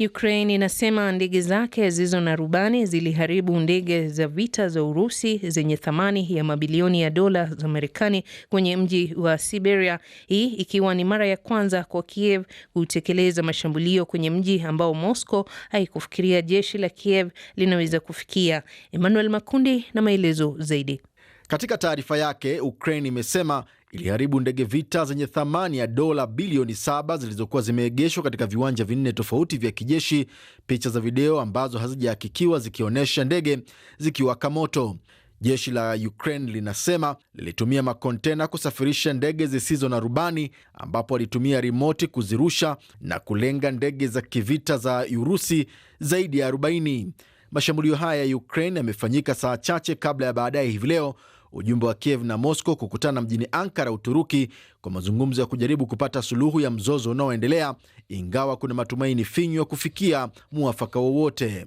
Ukraine inasema ndege zake zilizo na rubani ziliharibu ndege za vita za Urusi zenye thamani ya mabilioni ya dola za Marekani kwenye mji wa Siberia, hii ikiwa ni mara ya kwanza kwa Kiev kutekeleza mashambulio kwenye mji ambao Moscow haikufikiria jeshi la Kiev linaweza kufikia. Emmanuel Makundi na maelezo zaidi. Katika taarifa yake, Ukraine imesema iliharibu ndege vita zenye thamani ya dola bilioni saba zilizokuwa zimeegeshwa katika viwanja vinne tofauti vya kijeshi, picha za video ambazo hazijahakikiwa zikionyesha ndege zikiwaka moto. Jeshi la Ukraine linasema lilitumia makontena kusafirisha ndege zisizo na rubani, ambapo alitumia rimoti kuzirusha na kulenga ndege za kivita za Urusi zaidi ya 40. Mashambulio haya ya Ukraine yamefanyika saa chache kabla ya baadaye hivi leo ujumbe wa Kiev na Moscow kukutana mjini Ankara, Uturuki, kwa mazungumzo ya kujaribu kupata suluhu ya mzozo unaoendelea, ingawa kuna matumaini finyu ya kufikia mwafaka wowote.